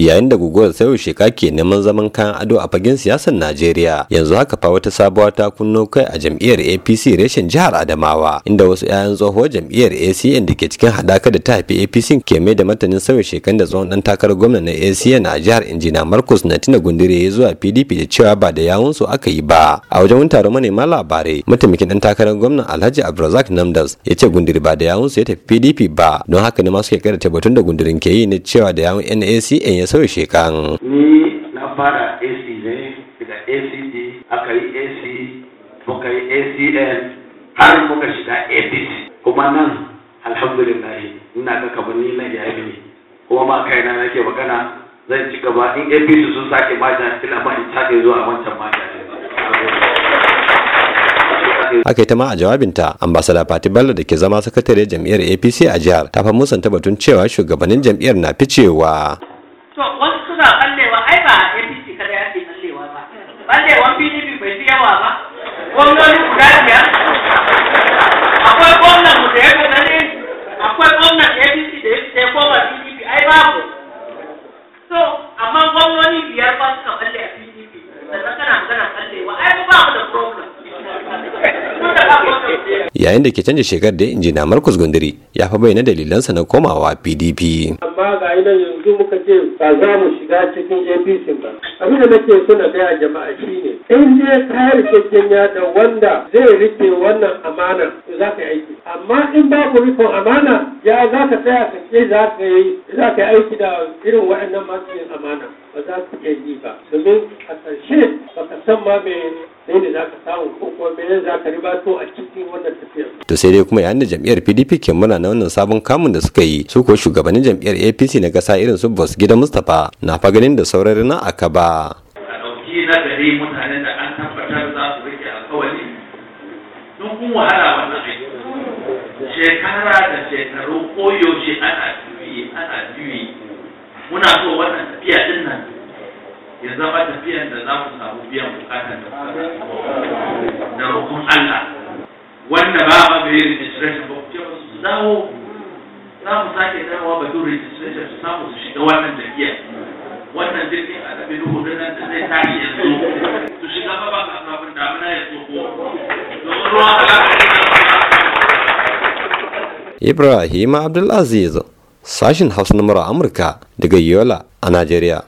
yayin da guguwar sayo sheka ke neman zaman kayan ado a fagen siyasar Najeriya yanzu haka fa wata sabuwa ta kunno kai a jam'iyyar APC reshen jihar Adamawa inda wasu 'ya'yan tsohuwar jam'iyyar ACN da ke cikin hadaka da ta haifi APC ke mai da martanin sauya shekan da tsohon dan takarar gwamna na ACN a jihar Injina Marcus tina Gundire ya zuwa PDP da cewa ba da yawun su aka yi ba a wajen wani taron manema labarai mataimakin ɗan takarar gwamnan Alhaji Abdulrazak Namdas ya ce Gundire ba da yawun su ya tafi PDP ba don haka ne ma suke kara tabbatun da Gundirin ke yi ne cewa da yawun NACN ya sauya kan. Ni na fara AC ne daga ACD aka yi AC muka yi ACN, har muka shiga APC kuma nan alhamdulillahi, ina ga kamar ni na yayi ne kuma ma kaina nake magana zan ci gaba in APC sun sake maja ina ma in take zuwa wancan maja aka yi ta ma a jawabinta ambasada fati bello da ke zama sakataren jam'iyyar apc a jihar ta fa musanta batun cewa shugabannin jam'iyyar na ficewa to wasu suna ballewa ai ba APC kada ya ce ballewa ba ballewan PDP bai fi yawa ba gwamnoni guda biyar akwai gwamnan mu da ya fi gani akwai gwamnan APC da ya koma PDP ai babu so amma gwamnoni biyar ba suka balle a PDP ta kana magana ballewa ai ba mu da problem yayin da ke canja shekar da injina markus gundiri ya fa bayyana dalilansa na komawa pdp amma ga idan yanzu muka ce ba za mu shiga cikin APC ba abin da nake so na gaya jama'a shine in je ka cikin yada wanda zai rike wannan amana za ka yi aiki amma in ba ku rikon amana ya za ka tsaya ka ce za ka yi za ka yi aiki da irin waɗannan masu yin amana ba za su iya yi ba domin a ƙarshe ba ka san ma me ne za ka samu ko kuma me za ka ribato a cikin wannan tafiyar. to sai dai kuma yayin da jam'iyyar pdp ke muna na wannan sabon kamun da suka yi su kuwa shugabannin jam'iyyar apc na gasa irin su bos gidan mustapha na faganin da sauran rina aka ba nazari mutanen da an tabbatar za su rike alkawari sun kun wahala wannan aiki shekara da shekaru koyaushe ana juyi ana juyi muna so wannan tafiya din nan ya zama tafiyan da za mu samu biyan bukatar da da roƙon Allah wanda ba a bai da rashin ba ku ce su dawo za mu sake sanarwa batun registration su samu su shiga wannan jami'a wannan jirgin a ɗabi duhu da nan zai tashi ya zo su shiga ba ba abin damina ya zo ko don ruwan Ibrahim Abdulaziz, sashin Hausa na Amurka daga Yola a Najeriya.